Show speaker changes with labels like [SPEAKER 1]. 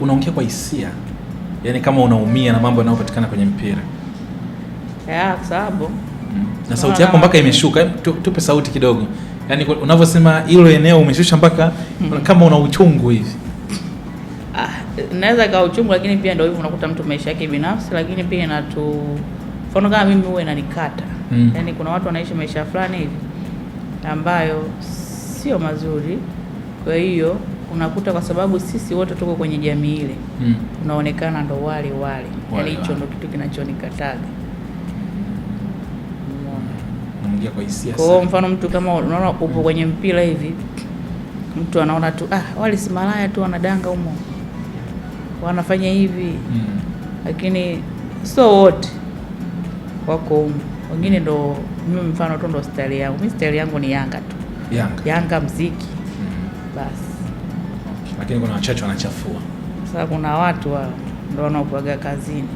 [SPEAKER 1] unaongea kwa hisia, yaani kama unaumia na mambo yanayopatikana kwenye mpira
[SPEAKER 2] yeah, kwa sababu mm.
[SPEAKER 1] na sauti yako mpaka imeshuka. tupe sauti kidogo, yaani unavyosema hilo eneo umeshusha mpaka mm. kama una uchungu hivi
[SPEAKER 2] ah, naweza kawa uchungu, lakini pia ndio hivyo unakuta mtu maisha yake binafsi, lakini pia inatu mfano kama mimi huwa inanikata mm. yaani kuna watu wanaishi maisha fulani hivi ambayo sio mazuri, kwa hiyo unakuta kwa sababu sisi wote tuko kwenye jamii ile mm. tunaonekana ndo wale wale, yaani hicho ndo kitu kinachonikataga kwa mfano mtu kama unaona upo hmm. kwenye mpira hivi, mtu anaona tu ah, wale si malaya tu wanadanga humo wanafanya hivi mm. lakini so wote wako humo, wengine ndo mimi mfano tu ndo style yangu. Mimi style yangu ni Yanga tu Yanga, Yanga mziki mm. basi
[SPEAKER 1] lakini kuna wachache wanachafua.
[SPEAKER 2] Sasa kuna watu wao ndio wanaokuaga kazini